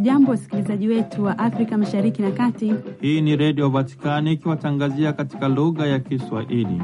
Hamjambo, wasikilizaji wetu wa Afrika mashariki na kati. Hii ni Redio Vatikani ikiwatangazia katika lugha ya Kiswahili.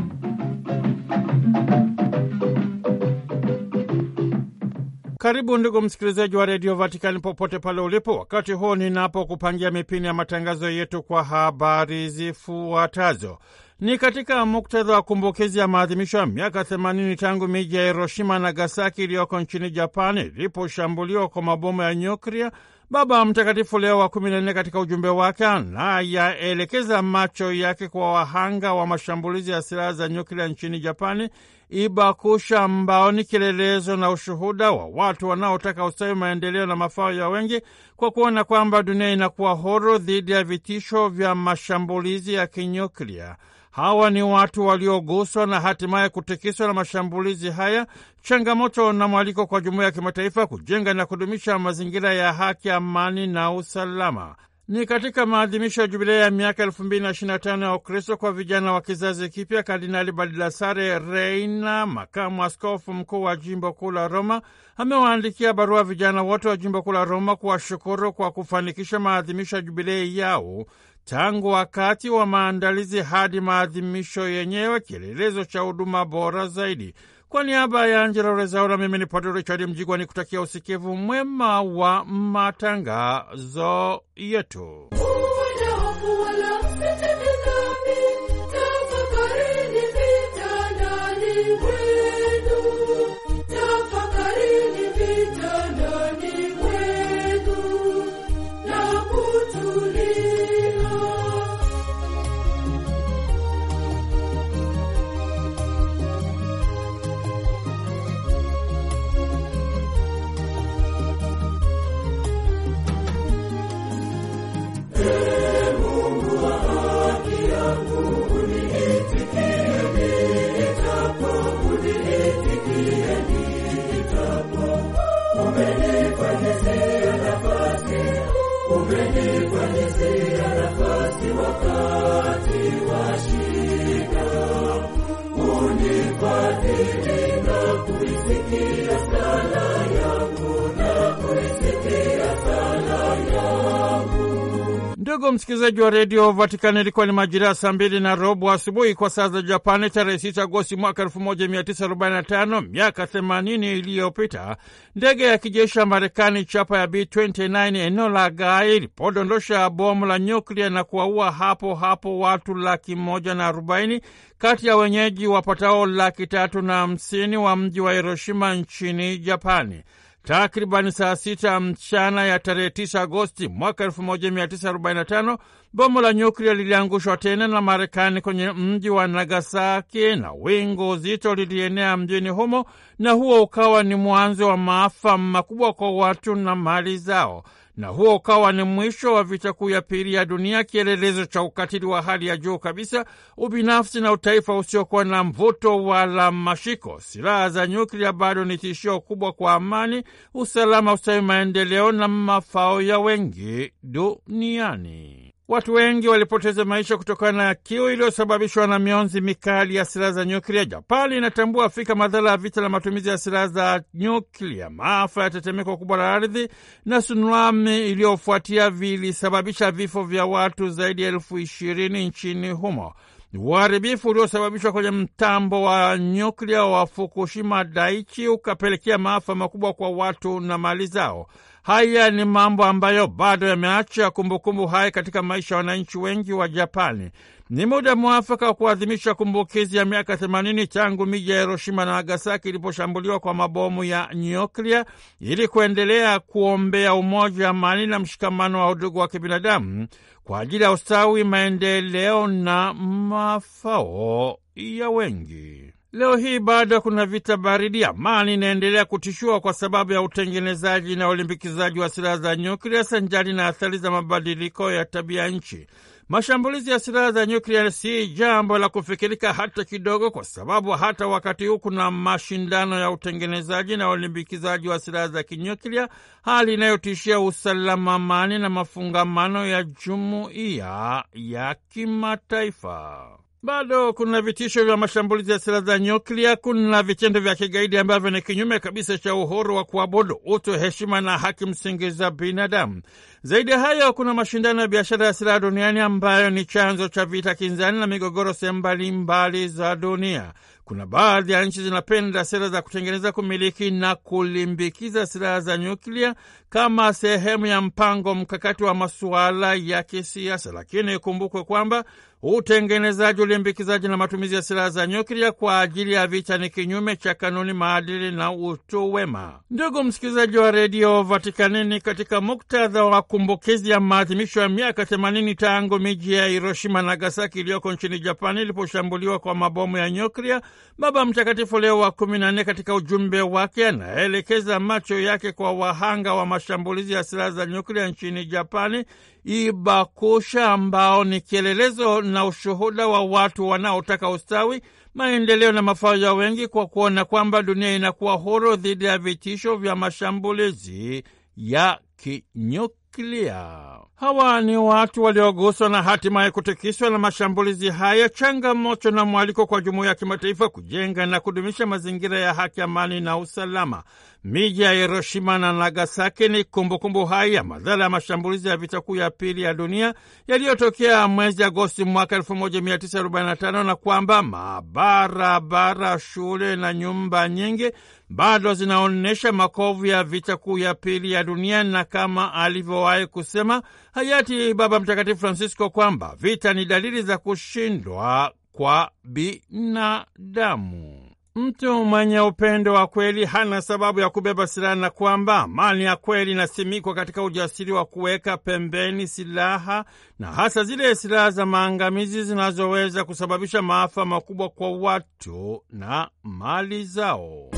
Karibu ndugu msikilizaji wa Redio Vatikani popote pale ulipo, wakati huu ninapokupangia mipini ya matangazo yetu kwa habari zifuatazo ni katika muktadha wa kumbukizi ya maadhimisho ya miaka 80 tangu miji ya Hiroshima na Nagasaki iliyoko nchini Japani iliposhambuliwa kwa mabomu ya nyuklia Baba Mtakatifu Leo wa kumi na nne katika ujumbe wake anayaelekeza macho yake kwa wahanga wa mashambulizi ya silaha za nyuklia nchini Japani Ibakusha ni kielelezo na ushuhuda wa watu wanaotaka ustawi, maendeleo na mafao ya wengi, kwa kuona kwamba dunia inakuwa huru dhidi ya vitisho vya mashambulizi ya kinyuklia. Hawa ni watu walioguswa na hatimaye kutikiswa na mashambulizi haya, changamoto na mwaliko kwa jumuiya ya kimataifa kujenga na kudumisha mazingira ya haki, amani na usalama. Ni katika maadhimisho ya jubilei ya miaka 225 ya Ukristo kwa vijana wa kizazi kipya, Kardinali Baldassare Reina, makamu askofu mkuu wa jimbo kuu la Roma, amewaandikia barua vijana wote wa jimbo kuu la Roma kuwashukuru kwa kufanikisha maadhimisho ya jubilei yao tangu wakati wa maandalizi hadi maadhimisho yenyewe, kielelezo cha huduma bora zaidi. Kwa niaba ya Angela Rezaura, mimi ni Padre Richard Mjigwa ni kutakia usikivu mwema wa matangazo yetu. msikilizaji wa redio Vatikani, ilikuwa ni majira ya saa mbili na robo asubuhi kwa saa za Japani, tarehe sita Agosti mwaka 1945. Miaka themanini iliyopita ndege ya kijeshi ya Marekani chapa ya B29 eneo la Gai ilipodondosha bomu la nyuklia na kuwaua hapo hapo watu laki moja na arobaini kati ya wenyeji wapatao laki tatu na hamsini wa mji wa Hiroshima nchini Japani. Takribani saa sita mchana ya tarehe 9 Agosti mwaka 1945 bomu la nyuklia liliangushwa tena na Marekani kwenye mji wa Nagasaki, na wingu zito lilienea mjini humo, na huo ukawa ni mwanzo wa maafa makubwa kwa watu na mali zao na huo ukawa ni mwisho wa vita kuu ya pili ya dunia, kielelezo cha ukatili wa hali ya juu kabisa, ubinafsi na utaifa usiokuwa na mvuto wala mashiko. Silaha za nyuklia bado ni tishio kubwa kwa amani, usalama, ustawi, maendeleo na mafao ya wengi duniani. Watu wengi walipoteza maisha kutokana na kiu iliyosababishwa na mionzi mikali ya silaha za nyuklia. Japani inatambua Afrika madhara ya vita la matumizi ya silaha za nyuklia. Maafa ya tetemeko kubwa la ardhi na sunami iliyofuatia vilisababisha vifo vya watu zaidi ya elfu ishirini nchini humo. Uharibifu uliosababishwa kwenye mtambo wa nyuklia wa Fukushima Daiichi ukapelekea maafa makubwa kwa watu na mali zao. Haya ni mambo ambayo bado yameacha kumbukumbu hai katika maisha ya wananchi wengi wa Japani. Ni muda mwafaka wa kuadhimisha kumbukizi ya miaka 80 tangu miji ya Hiroshima na Nagasaki iliposhambuliwa kwa mabomu ya nyuklia ili kuendelea kuombea umoja, amani na mshikamano wa udugu wa kibinadamu kwa ajili ya ustawi, maendeleo na mafao ya wengi. Leo hii bado kuna vita baridi. Amani inaendelea kutishiwa kwa sababu ya utengenezaji na ulimbikizaji wa silaha za nyuklia sanjari na athari za mabadiliko ya tabia nchi. Mashambulizi ya silaha za nyuklia si jambo la kufikirika hata kidogo, kwa sababu hata wakati huu kuna mashindano ya utengenezaji na ulimbikizaji wa silaha za kinyuklia, hali inayotishia usalama, amani na mafungamano ya jumuiya ya kimataifa. Bado kuna vitisho vya mashambulizi ya silaha za nyuklia, kuna vitendo vya kigaidi ambavyo ni kinyume kabisa cha uhuru wa kuabudu, utu, heshima na haki msingi za binadamu. Zaidi ya hayo, kuna mashindano ya biashara ya silaha duniani ambayo ni chanzo cha vita kinzani na migogoro sehemu mbalimbali za dunia. Kuna baadhi ya nchi zinapenda sera za kutengeneza, kumiliki na kulimbikiza silaha za nyuklia kama sehemu ya mpango mkakati wa masuala ya kisiasa, lakini ikumbukwe kwamba utengenezaji, ulimbikizaji na matumizi ya silaha za nyuklia kwa ajili ya vita ni kinyume cha kanuni, maadili na utu wema. Ndugu msikilizaji wa redio Vatikanini, katika muktadha wa kumbukizi ya maadhimisho ya miaka 80 tangu miji ya Hiroshima Nagasaki iliyoko nchini Japani iliposhambuliwa kwa mabomu ya nyuklia, Baba Mtakatifu Leo wa 14 katika ujumbe wake anaelekeza macho yake kwa wahanga wa mashambulizi ya silaha za nyuklia nchini Japani Ibakusha ambao ni kielelezo na ushuhuda wa watu wanaotaka ustawi, maendeleo na mafao ya wengi, kwa kuona kwamba dunia inakuwa huru dhidi ya vitisho vya mashambulizi ya kinyuklia. Hawa ni watu walioguswa na hatima ya kutikiswa na mashambulizi haya, changamoto na mwaliko kwa jumuiya ya kimataifa kujenga na kudumisha mazingira ya haki, amani na usalama. Miji ya Hiroshima na Nagasaki ni kumbukumbu hai ya madhara ya mashambulizi ya vita kuu ya pili ya dunia yaliyotokea mwezi Agosti mwaka 1945 na kwamba mabarabara, shule na nyumba nyingi bado zinaonyesha makovu ya vita kuu ya pili ya dunia, na kama alivyowahi kusema hayati Baba Mtakatifu Francisco kwamba vita ni dalili za kushindwa kwa binadamu. Mtu mwenye upendo wa kweli hana sababu ya kubeba silaha na kwamba amani ya kweli inasimikwa katika ujasiri wa kuweka pembeni silaha na hasa zile silaha za maangamizi zinazoweza kusababisha maafa makubwa kwa watu na mali zao.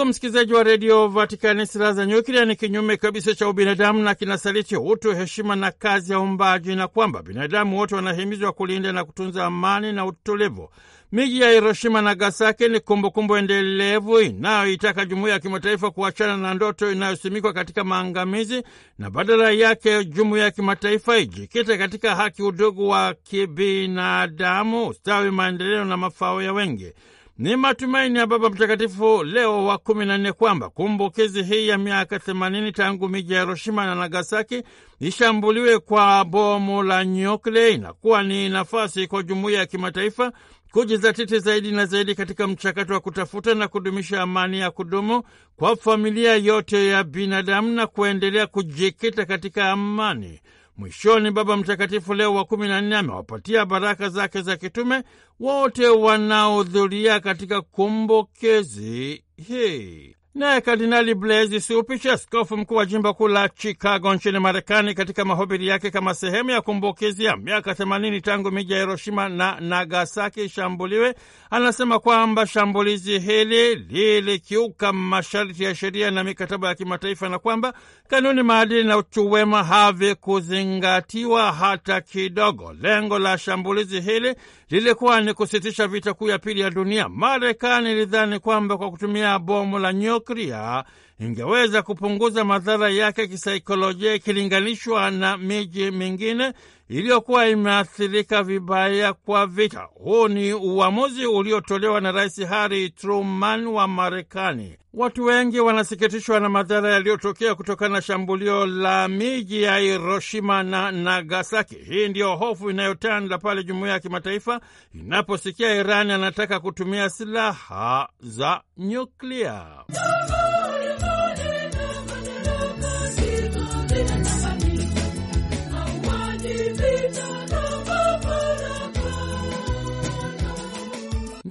Ndugu msikilizaji wa redio Vatikani, silaha za nyuklia ni kinyume kabisa cha ubinadamu na kinasaliti utu, heshima na kazi ya umbaji, na kwamba binadamu wote wanahimizwa kulinda na kutunza amani na utulivu. Miji ya Hiroshima na Nagasaki ni kumbukumbu endelevu inayoitaka jumuiya ya kimataifa kuachana na ndoto inayosimikwa katika maangamizi na badala yake jumuiya ya kimataifa ijikite katika haki, udugu wa kibinadamu, ustawi, maendeleo na mafao ya wengi. Ni matumaini ya Baba Mtakatifu Leo wa kumi na nne kwamba kumbukizi hii ya miaka themanini tangu miji ya Hiroshima na Nagasaki ishambuliwe kwa bomu la nyuklia inakuwa ni nafasi kwa jumuiya ya kimataifa kujizatiti zaidi na zaidi katika mchakato wa kutafuta na kudumisha amani ya kudumu kwa familia yote ya binadamu na kuendelea kujikita katika amani Mwishoni, Baba Mtakatifu Leo wa kumi na nne amewapatia baraka zake za kitume wote wanaohudhuria katika kumbukizi hii. Naye Kardinali Blaise Siupichi, askofu mkuu wa jimbo kuu la Chicago nchini Marekani, katika mahubiri yake kama sehemu ya kumbukizi ya miaka 80 tangu miji ya Hiroshima na Nagasaki ishambuliwe, anasema kwamba shambulizi hili lilikiuka masharti ya sheria na mikataba ya kimataifa na kwamba kanuni, maadili na utu wema havikuzingatiwa hata kidogo. Lengo la shambulizi hili lilikuwa ni kusitisha vita kuu ya pili ya dunia. Marekani ilidhani kwamba kwa kutumia bomu la nyuklia 送りや ingeweza kupunguza madhara yake kisaikolojia ikilinganishwa na miji mingine iliyokuwa imeathirika vibaya kwa vita. Huu ni uamuzi uliotolewa na Rais Harry Truman wa Marekani. Watu wengi wanasikitishwa na madhara yaliyotokea kutokana na shambulio la miji ya Hiroshima na Nagasaki. Hii ndiyo hofu inayotanda pale jumuiya ya kimataifa inaposikia Irani anataka kutumia silaha za nyuklia.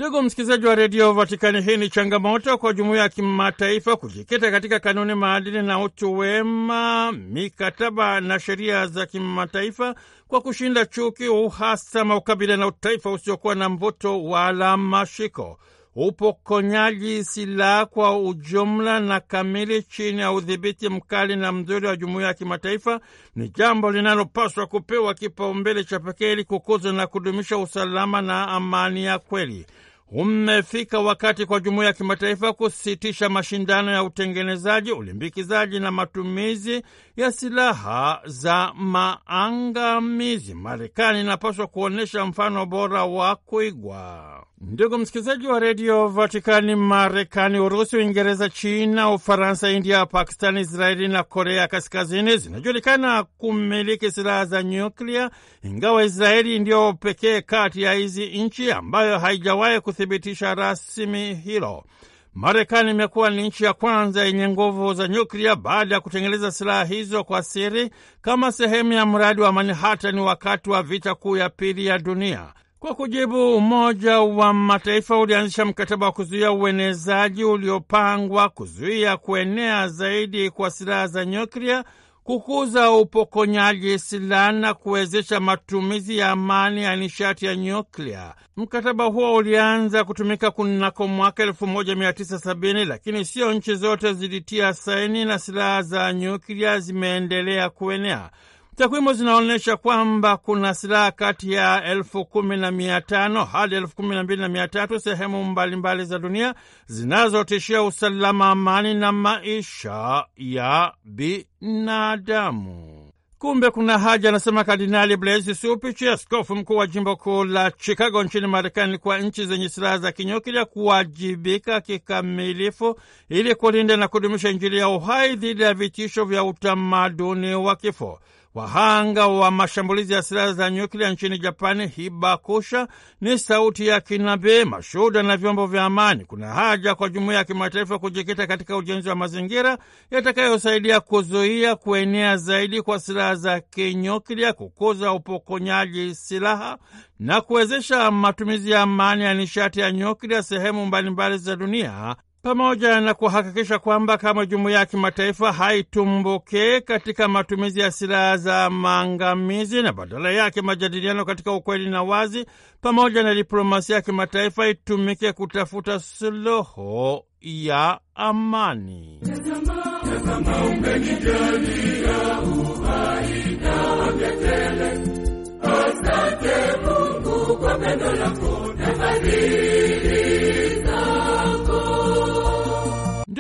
Ndugu msikilizaji wa redio Vatikani, hii ni changamoto kwa jumuiya ya kimataifa kujikita katika kanuni, maadili na utu wema, mikataba na sheria za kimataifa kwa kushinda chuki, uhasama, ukabila na utaifa usiokuwa na mvuto wala mashiko, upokonyaji silaha kwa ujumla na kamili chini ya udhibiti mkali na mzuri wa jumuiya ya kimataifa ni jambo linalopaswa kupewa kipaumbele cha pekee ili kukuza na kudumisha usalama na amani ya kweli. Umefika wakati kwa jumuiya ya kimataifa kusitisha mashindano ya utengenezaji, ulimbikizaji na matumizi ya silaha za maangamizi. Marekani inapaswa kuonyesha mfano bora wa kuigwa. Ndugu msikilizaji wa redio Vatikani, Marekani, Urusi, Uingereza, China, Ufaransa, India, pakistani Israeli na Korea Kaskazini zinajulikana kumiliki silaha za nyuklia, ingawa Israeli ndiyo pekee kati ya hizi nchi ambayo haijawahi kuthibitisha rasmi hilo. Marekani imekuwa ni nchi ya kwanza yenye nguvu za nyuklia baada ya kutengeneza silaha hizo kwa siri kama sehemu ya mradi wa Manhattan wakati wa vita kuu ya pili ya dunia. Kwa kujibu, Umoja wa Mataifa ulianzisha mkataba wa kuzuia uenezaji uliopangwa kuzuia kuenea zaidi kwa silaha za nyuklia kukuza upokonyaji silaha na kuwezesha matumizi ya amani ya nishati ya nyuklia. Mkataba huo ulianza kutumika kunako mwaka 1970 lakini sio nchi zote zilitia saini na silaha za nyuklia zimeendelea kuenea. Takwimu zinaonyesha kwamba kuna silaha kati ya elfu kumi na mia tano hadi elfu kumi na mbili na mia tatu sehemu mbalimbali mbali za dunia zinazotishia usalama, amani na maisha ya binadamu. Kumbe kuna haja, anasema Kardinali Blaise Supichi, askofu mkuu wa jimbo kuu la Chicago nchini Marekani, kwa nchi zenye silaha za kinyuklia kuwajibika kikamilifu ili kulinda na kudumisha Injili ya uhai dhidi ya vitisho vya utamaduni wa kifo. Wahanga wa mashambulizi ya silaha za nyuklia nchini Japani, Hibakusha, ni sauti ya kinabii, mashuhuda na vyombo vya amani. Kuna haja kwa jumuiya ya kimataifa kujikita katika ujenzi wa mazingira yatakayosaidia kuzuia kuenea zaidi kwa silaha za kinyuklia, kukuza upokonyaji silaha na kuwezesha matumizi ya amani ya nishati ya nyuklia sehemu mbalimbali za dunia pamoja na kuhakikisha kwamba kama jumuiya ya kimataifa haitumbuke katika matumizi ya silaha za maangamizi na badala yake majadiliano katika ukweli na wazi pamoja na diplomasia ya kimataifa itumike kutafuta suluhu ya amani. Tazama tazama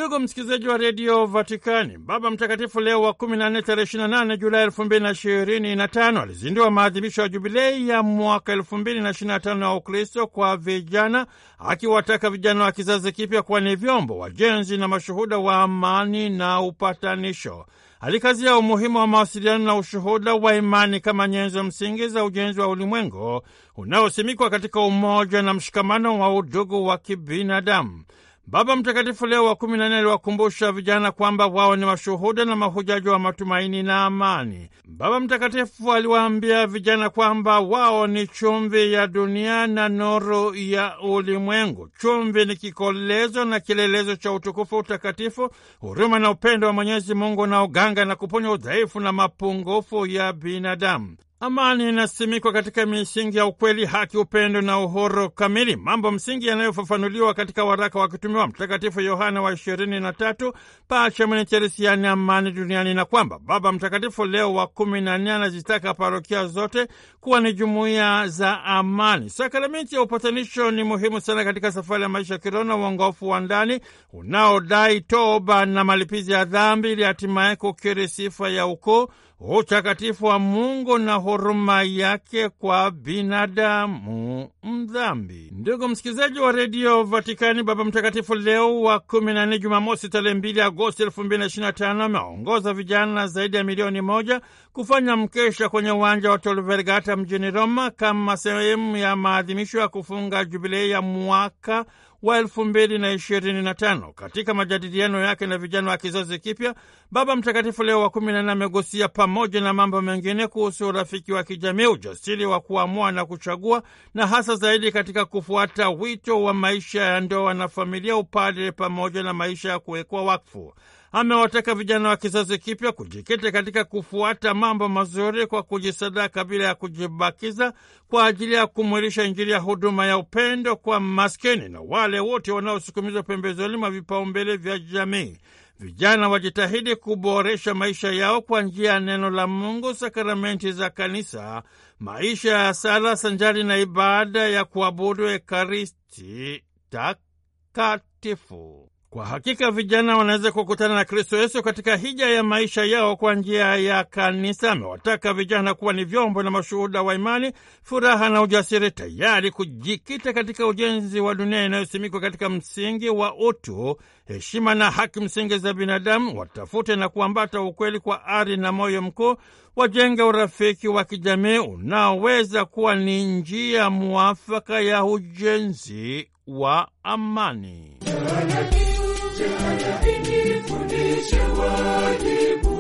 Ndugu msikilizaji wa redio Vatikani, Baba Mtakatifu Leo wa 14 tarehe 28 Julai 2025 alizindua maadhimisho ya jubilei ya mwaka 2025 ya Ukristo kwa vijana, akiwataka vijana wa kizazi kipya kuwa ni vyombo wajenzi na mashuhuda wa amani na upatanisho. Alikazia umuhimu wa mawasiliano na ushuhuda wa imani kama nyenzo msingi za ujenzi wa ulimwengu unaosimikwa katika umoja na mshikamano wa udugu wa kibinadamu. Baba Mtakatifu Leo wa kumi na nne aliwakumbusha vijana kwamba wao ni mashuhuda na mahujaji wa matumaini na amani. Baba Mtakatifu aliwaambia vijana kwamba wao ni chumvi ya dunia na nuru ya ulimwengu. Chumvi ni kikolezo na kielelezo cha utukufu, utakatifu, huruma na upendo wa Mwenyezi Mungu unaoganga na kuponya udhaifu na mapungufu ya binadamu. Amani inasimikwa katika misingi ya ukweli, haki, upendo na uhuru kamili, mambo msingi yanayofafanuliwa katika waraka wakitumiwa Mtakatifu Yohane wa ishirini na tatu Pacheminicherisi, yaani amani duniani, na kwamba Baba Mtakatifu Leo wa kumi na nne anazitaka parokia zote kuwa ni jumuiya za amani. Sakramenti ya upatanisho ni muhimu sana katika safari ya maisha ya kiroho na uongofu wa ndani unaodai toba na malipizi ya dhambi ili hatimaye kukiri sifa ya ukuu utakatifu wa Mungu na huruma yake kwa binadamu mdhambi. Ndugu msikilizaji wa redio Vatikani, Baba Mtakatifu Leo wa 14 Jumamosi tarehe 2 Agosti 225 ameongoza vijana zaidi ya milioni moja kufanya mkesha kwenye uwanja wa Tor Vergata mjini Roma kama sehemu ya maadhimisho ya kufunga jubilei ya mwaka wa elfu mbili na ishirini na tano. Katika majadiliano yake na vijana wa kizazi kipya, Baba Mtakatifu Leo wa kumi na nne amegusia pamoja na mambo mengine kuhusu urafiki wa kijamii, ujasiri wa kuamua na kuchagua, na hasa zaidi katika kufuata wito wa maisha ya ndoa na familia, upadre pamoja na maisha ya kuwekwa wakfu amewataka vijana wa kizazi kipya kujikita katika kufuata mambo mazuri kwa kujisadaka bila ya kujibakiza kwa ajili ya kumwilisha Injili ya huduma ya upendo kwa maskini na wale wote wanaosukumizwa pembezoni mwa vipaumbele vya jamii. Vijana wajitahidi kuboresha maisha yao kwa njia ya neno la Mungu, sakramenti za kanisa, maisha ya sala sanjari na ibada ya kuabudu Ekaristi Takatifu. Kwa hakika vijana wanaweza kukutana na Kristo Yesu katika hija ya maisha yao kwa njia ya kanisa. Amewataka vijana kuwa ni vyombo na mashuhuda wa imani, furaha na ujasiri, tayari kujikita katika ujenzi wa dunia inayosimikwa katika msingi wa utu, heshima na haki msingi za binadamu. Watafute na kuambata ukweli kwa ari na moyo mkuu, wajenge urafiki wa kijamii unaoweza kuwa ni njia mwafaka ya ujenzi wa amani. Jana, jana, jana,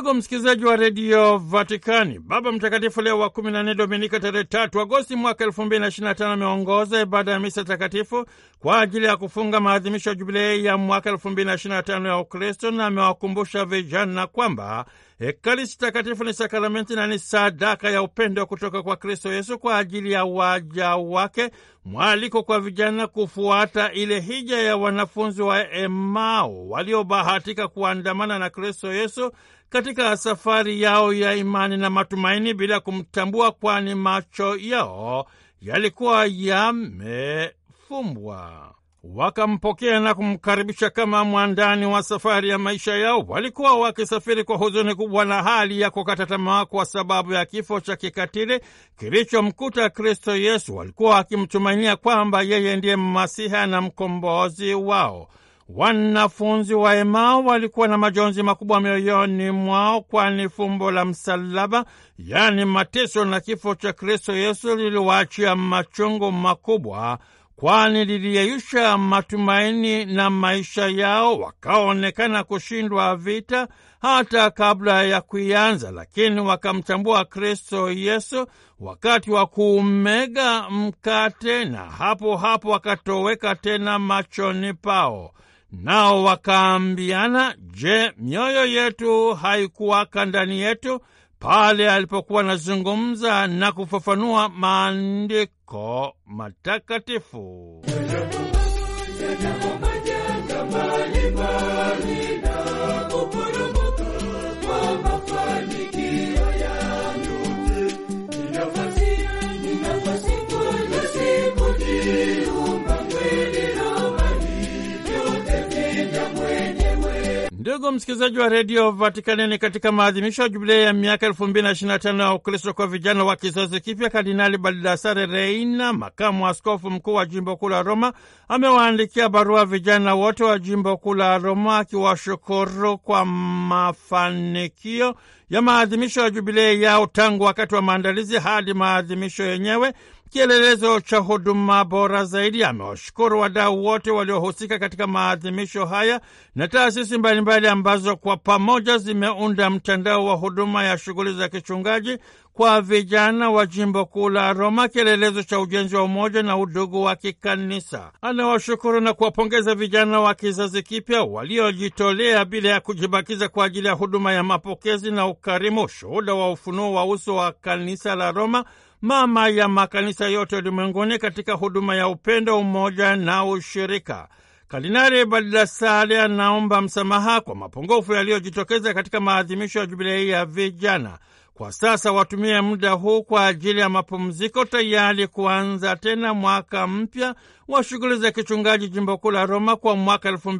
ndugu msikilizaji wa redio Vatikani, Baba Mtakatifu Leo wa 14 Dominika tarehe tatu Agosti mwaka elfu mbili na tano ameongoza ibada ya misa takatifu kwa ajili ya kufunga maadhimisho ya jubilei ya mwaka elfu mbili na na tano ya Ukristo, na amewakumbusha vijana kwamba Ekaristi takatifu ni sakramenti na ni sadaka ya upendo kutoka kwa Kristo Yesu kwa ajili ya waja wake, mwaliko kwa vijana kufuata ile hija ya wanafunzi wa Emao waliobahatika kuandamana na Kristo Yesu katika safari yao ya imani na matumaini bila kumtambua, kwani macho yao yalikuwa yamefumbwa. Wakampokea na kumkaribisha kama mwandani wa safari ya maisha yao. Walikuwa wakisafiri kwa huzuni kubwa na hali ya kukata tamaa kwa sababu ya kifo cha kikatili kilichomkuta Kristo Yesu. Walikuwa wakimtumainia kwamba yeye ndiye Masiha na mkombozi wao. Wanafunzi wa Emao walikuwa na majonzi makubwa mioyoni mwao, kwani fumbo la msalaba, yaani mateso na kifo cha Kristo Yesu, liliwaachia machungu makubwa, kwani liliyeyusha matumaini na maisha yao, wakaonekana kushindwa vita hata kabla ya kuianza, lakini wakamtambua Kristo Yesu wakati wa kuumega mkate, na hapo hapo wakatoweka tena machoni pao. Nao wakaambiana, je, mioyo yetu haikuwaka ndani yetu pale alipokuwa anazungumza na kufafanua maandiko matakatifu? Ndugu msikilizaji wa redio Vatikani, ni katika maadhimisho ya jubilei ya miaka elfu mbili na ishirini na tano ya Ukristo kwa vijana wa kizazi kipya, Kardinali Baldassare Reina, makamu askofu mkuu wa jimbo kuu la Roma, amewaandikia barua vijana wote wa jimbo kuu la Roma akiwashukuru kwa mafanikio ya maadhimisho ya jubilei yao tangu wakati wa maandalizi hadi maadhimisho yenyewe kielelezo cha huduma bora zaidi. Amewashukuru wadau wote waliohusika katika maadhimisho haya na taasisi mbalimbali ambazo kwa pamoja zimeunda mtandao wa huduma ya shughuli za kichungaji kwa vijana wa jimbo kuu la Roma, kielelezo cha ujenzi wa umoja na udugu wa kikanisa. Anawashukuru na kuwapongeza vijana wa kizazi kipya waliojitolea bila ya kujibakiza kwa ajili ya huduma ya mapokezi na ukarimu, shuhuda wa ufunuo wa uso wa kanisa la Roma mama ya makanisa yote ulimwenguni katika huduma ya upendo, umoja na ushirika. Kardinali Baldassare anaomba msamaha kwa mapungufu yaliyojitokeza katika maadhimisho ya jubilei ya vijana. Kwa sasa watumie muda huu kwa ajili ya mapumziko, tayari kuanza tena mwaka mpya wa shughuli za kichungaji jimbo kuu la Roma kwa mwaka elfu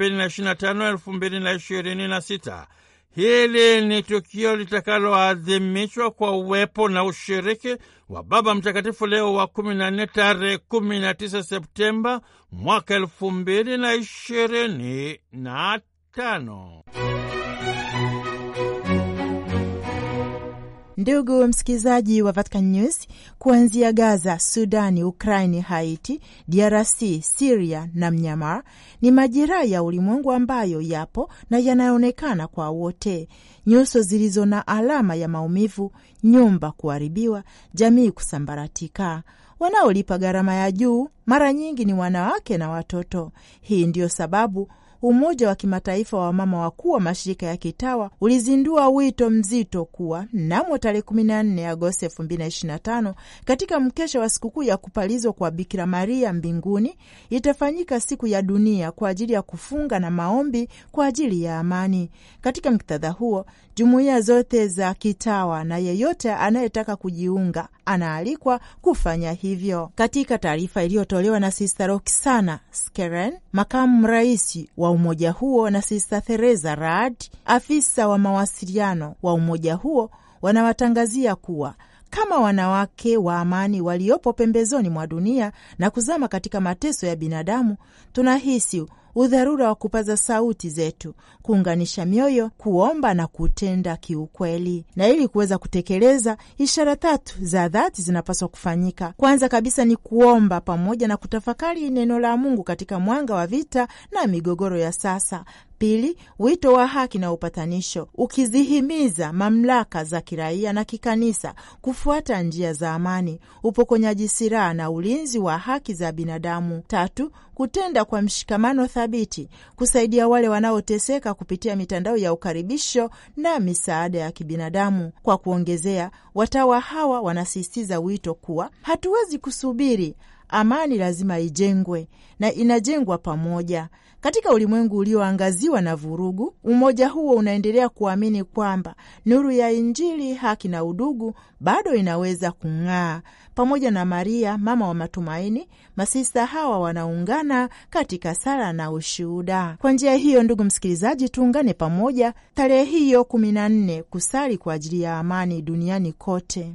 Hili ni tukio litakaloadhimishwa kwa uwepo na ushiriki wa Baba Mtakatifu Leo wa 14 na nne tarehe kumi Septemba mwaka elfu mbili na ishirini na tano. Ndugu msikilizaji wa Vatican News, kuanzia Gaza, Sudani, Ukraini, Haiti, DRC, Siria na Mnyamar ni majira ya ulimwengu ambayo yapo na yanayoonekana kwa wote, nyuso zilizo na alama ya maumivu, nyumba kuharibiwa, jamii kusambaratika. Wanaolipa gharama ya juu mara nyingi ni wanawake na watoto. Hii ndiyo sababu Umoja wa Kimataifa wa Mama Wakuu wa Mashirika ya Kitawa ulizindua wito mzito kuwa mnamo tarehe 14 Agosti 2025 katika mkesha wa sikukuu ya kupalizwa kwa Bikira Maria mbinguni itafanyika siku ya dunia kwa ajili ya kufunga na maombi kwa ajili ya amani. Katika muktadha huo jumuiya zote za kitawa na yeyote anayetaka kujiunga anaalikwa kufanya hivyo. Katika taarifa iliyotolewa na Sista Roksana Skeren, makamu rais wa umoja huo, na Sista Theresa Raad, afisa wa mawasiliano wa umoja huo, wanawatangazia kuwa kama wanawake wa amani waliopo pembezoni mwa dunia na kuzama katika mateso ya binadamu, tunahisi udharura wa kupaza sauti zetu, kuunganisha mioyo, kuomba na kutenda kiukweli. Na ili kuweza kutekeleza, ishara tatu za dhati zinapaswa kufanyika. Kwanza kabisa ni kuomba pamoja na kutafakari neno la Mungu katika mwanga wa vita na migogoro ya sasa, Pili, wito wa haki na upatanisho ukizihimiza mamlaka za kiraia na kikanisa kufuata njia za amani, upokonyaji silaha na ulinzi wa haki za binadamu. Tatu, kutenda kwa mshikamano thabiti kusaidia wale wanaoteseka kupitia mitandao ya ukaribisho na misaada ya kibinadamu. Kwa kuongezea, watawa hawa wanasisitiza wito kuwa hatuwezi kusubiri, amani lazima ijengwe na inajengwa pamoja katika ulimwengu ulioangaziwa na vurugu, umoja huo unaendelea kuamini kwamba nuru ya Injili, haki na udugu bado inaweza kung'aa. Pamoja na Maria mama wa matumaini, masista hawa wanaungana katika sala na ushuhuda. Kwa njia hiyo, ndugu msikilizaji, tuungane pamoja tarehe hiyo kumi na nne kusali kwa ajili ya amani duniani kote.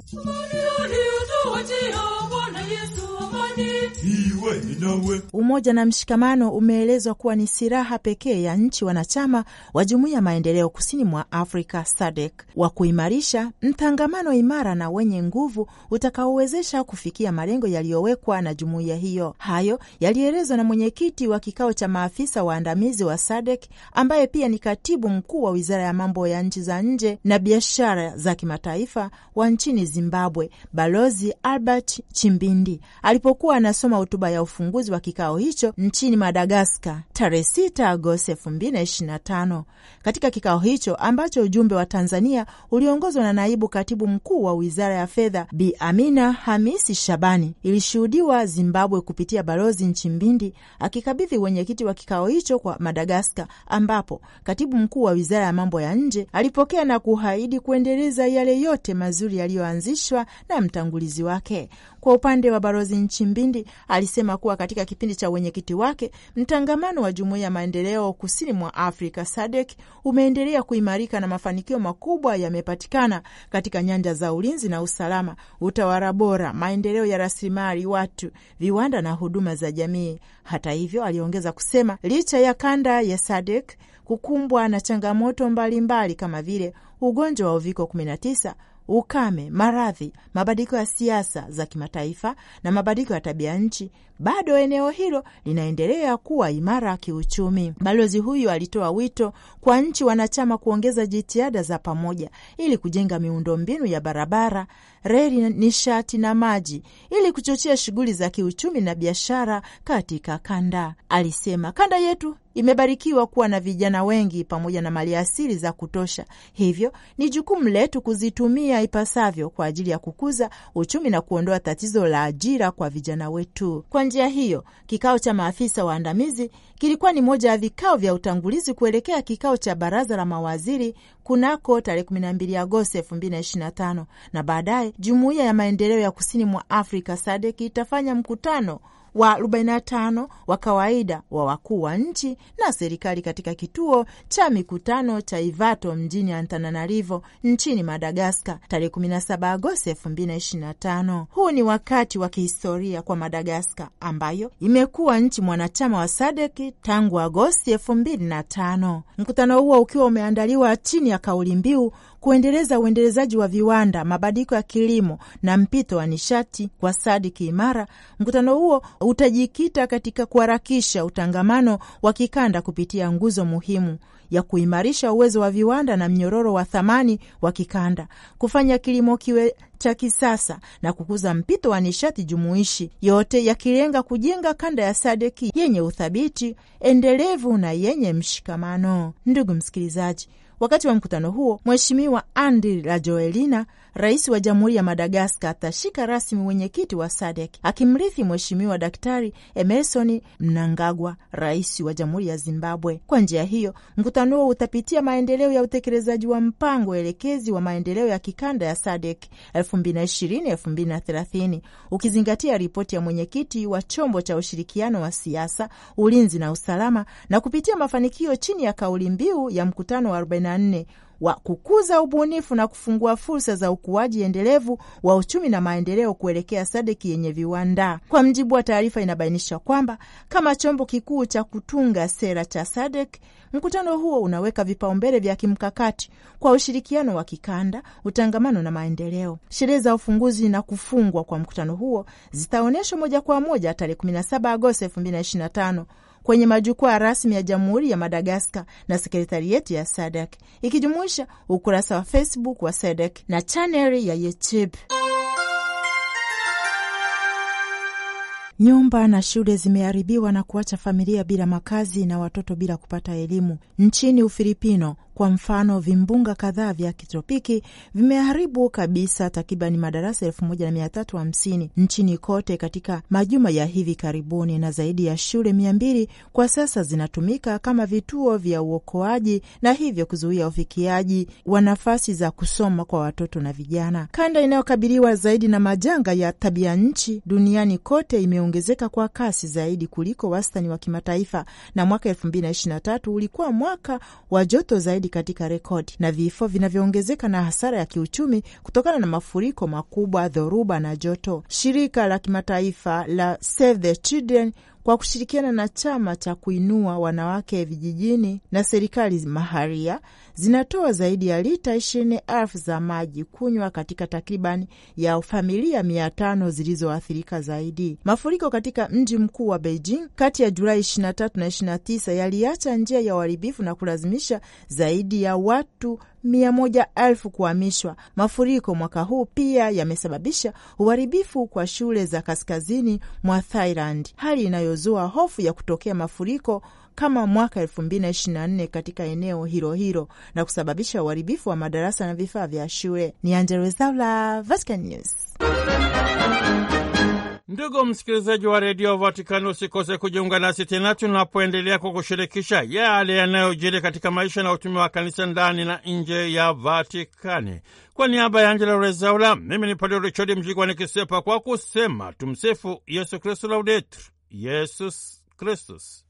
Umoja na mshikamano umeelezwa kuwa ni silaha pekee ya nchi wanachama wa Jumuiya ya Maendeleo Kusini mwa Afrika SADC wa kuimarisha mtangamano imara na wenye nguvu utakaowezesha kufikia malengo yaliyowekwa na jumuiya hiyo. Hayo yalielezwa na mwenyekiti wa kikao cha maafisa waandamizi wa SADC ambaye pia ni katibu mkuu wa Wizara ya Mambo ya Nchi za Nje na Biashara za Kimataifa wa nchini Zimbabwe, Balozi Albert Chimbindi alipokuwa alikuwa anasoma hotuba ya ufunguzi wa kikao hicho nchini Madagaskar tarehe 6 Agosti 2025. Katika kikao hicho ambacho ujumbe wa Tanzania uliongozwa na naibu katibu mkuu wa wizara ya fedha Bi Amina Hamisi Shabani, ilishuhudiwa Zimbabwe kupitia balozi Nchimbindi akikabidhi wenyekiti wa kikao hicho kwa Madagaskar, ambapo katibu mkuu wa wizara ya mambo ya nje alipokea na kuahidi kuendeleza yale yote mazuri yaliyoanzishwa na mtangulizi wake. Kwa upande wa balozi Nchimbindi Mbindi alisema kuwa katika kipindi cha wenyekiti wake mtangamano wa jumuiya ya maendeleo kusini mwa Afrika SADC umeendelea kuimarika na mafanikio makubwa yamepatikana katika nyanja za ulinzi na usalama, utawala bora, maendeleo ya rasilimali watu, viwanda na huduma za jamii. Hata hivyo, aliongeza kusema licha ya kanda ya SADC kukumbwa na changamoto mbalimbali mbali kama vile ugonjwa wa uviko 19 ukame, maradhi, mabadiliko ya siasa za kimataifa na mabadiliko ya tabia nchi bado eneo hilo linaendelea kuwa imara kiuchumi. Balozi huyu alitoa wito kwa nchi wanachama kuongeza jitihada za pamoja ili kujenga miundombinu ya barabara, reli, nishati na maji ili kuchochea shughuli za kiuchumi na biashara katika kanda. Alisema kanda yetu imebarikiwa kuwa na vijana wengi pamoja na maliasili za kutosha, hivyo ni jukumu letu kuzitumia ipasavyo kwa ajili ya kukuza uchumi na kuondoa tatizo la ajira kwa vijana wetu kwa njia hiyo, kikao cha maafisa waandamizi kilikuwa ni moja ya vikao vya utangulizi kuelekea kikao cha baraza la mawaziri kunako tarehe 12 Agosti 2025 na baadaye jumuiya ya maendeleo ya kusini mwa Afrika SADEK itafanya mkutano wa 45 wa kawaida wa wakuu wa nchi na serikali katika kituo cha mikutano cha Ivato mjini Antananarivo nchini Madagaskar tarehe 17 Agosti 2025. Huu ni wakati wa kihistoria kwa Madagaskar ambayo imekuwa nchi mwanachama wa Sadeki tangu Agosti 2005. Mkutano huo ukiwa umeandaliwa chini ya kauli mbiu kuendeleza uendelezaji wa viwanda, mabadiliko ya kilimo na mpito wa nishati kwa Sadiki imara. Mkutano huo utajikita katika kuharakisha utangamano wa kikanda kupitia nguzo muhimu ya kuimarisha uwezo wa viwanda na mnyororo wa thamani wa kikanda, kufanya kilimo kiwe cha kisasa na kukuza mpito wa nishati jumuishi, yote yakilenga kujenga kanda ya Sadeki yenye uthabiti endelevu na yenye mshikamano. Ndugu msikilizaji, wakati wa mkutano huo Mheshimiwa Andri Rajoelina rais wa jamhuri ya Madagaskar atashika rasmi wenyekiti wa SADEK akimrithi Mheshimiwa Daktari Emerson Mnangagwa, rais wa jamhuri ya Zimbabwe. Kwa njia hiyo, mkutano huo utapitia maendeleo ya utekelezaji wa mpango elekezi wa maendeleo ya kikanda ya SADEK 2020-2030 ukizingatia ripoti ya mwenyekiti wa chombo cha ushirikiano wa siasa, ulinzi na usalama na kupitia mafanikio chini ya kauli mbiu ya mkutano wa 44 wa kukuza ubunifu na kufungua fursa za ukuaji endelevu wa uchumi na maendeleo kuelekea sadeki yenye viwanda. Kwa mjibu wa taarifa, inabainisha kwamba kama chombo kikuu cha kutunga sera cha sadek mkutano huo unaweka vipaumbele vya kimkakati kwa ushirikiano wa kikanda, utangamano na maendeleo. Sherehe za ufunguzi na kufungwa kwa mkutano huo zitaonyeshwa moja kwa moja tarehe 17 Agosti 2025 kwenye majukwaa rasmi ya Jamhuri ya Madagaskar na sekretarieti ya SADEK ikijumuisha ukurasa wa Facebook wa SADEK na chaneli ya YouTube. Nyumba na shule zimeharibiwa na kuacha familia bila makazi na watoto bila kupata elimu. Nchini Ufilipino, kwa mfano, vimbunga kadhaa vya kitropiki vimeharibu kabisa takribani madarasa elfu moja na mia tatu hamsini nchini kote katika majuma ya hivi karibuni, na zaidi ya shule mia mbili kwa sasa zinatumika kama vituo vya uokoaji na hivyo kuzuia ufikiaji wa nafasi za kusoma kwa watoto na vijana. Kanda inayokabiliwa zaidi na majanga ya tabia nchi duniani kote ime kuongezeka kwa kasi zaidi kuliko wastani wa kimataifa, na mwaka 2023 ulikuwa mwaka wa joto zaidi katika rekodi, na vifo vinavyoongezeka na hasara ya kiuchumi kutokana na mafuriko makubwa, dhoruba na joto. Shirika la kimataifa la Save the Children kwa kushirikiana na chama cha kuinua wanawake vijijini na serikali maharia zinatoa zaidi ya lita ishirini elfu za maji kunywa katika takribani ya familia mia tano zilizoathirika zaidi. Mafuriko katika mji mkuu wa Beijing kati ya Julai 23 na 29 yaliacha njia ya uharibifu na kulazimisha zaidi ya watu mia moja elfu kuhamishwa. Mafuriko mwaka huu pia yamesababisha uharibifu kwa shule za kaskazini mwa Thailand, hali inayozua hofu ya kutokea mafuriko kama mwaka 224 katika eneo hilo hilo na kusababisha uharibifu wa madarasa na vifaa vya shule. Ni Angella Rwezaula, Vatican News. Ndugu msikilizaji wa redio Vatikani, usikose kujiunga nasi tena tunapoendelea kwa kushirikisha yale yanayojiri katika maisha na utumi wa kanisa ndani na nje ya Vatikani. Kwa niaba ya Angela Rezaula, mimi ni Padre Richard Mjigwa nikisepa kwa kusema tumsifu Yesu Kristu, laudetur Yesus Kristus.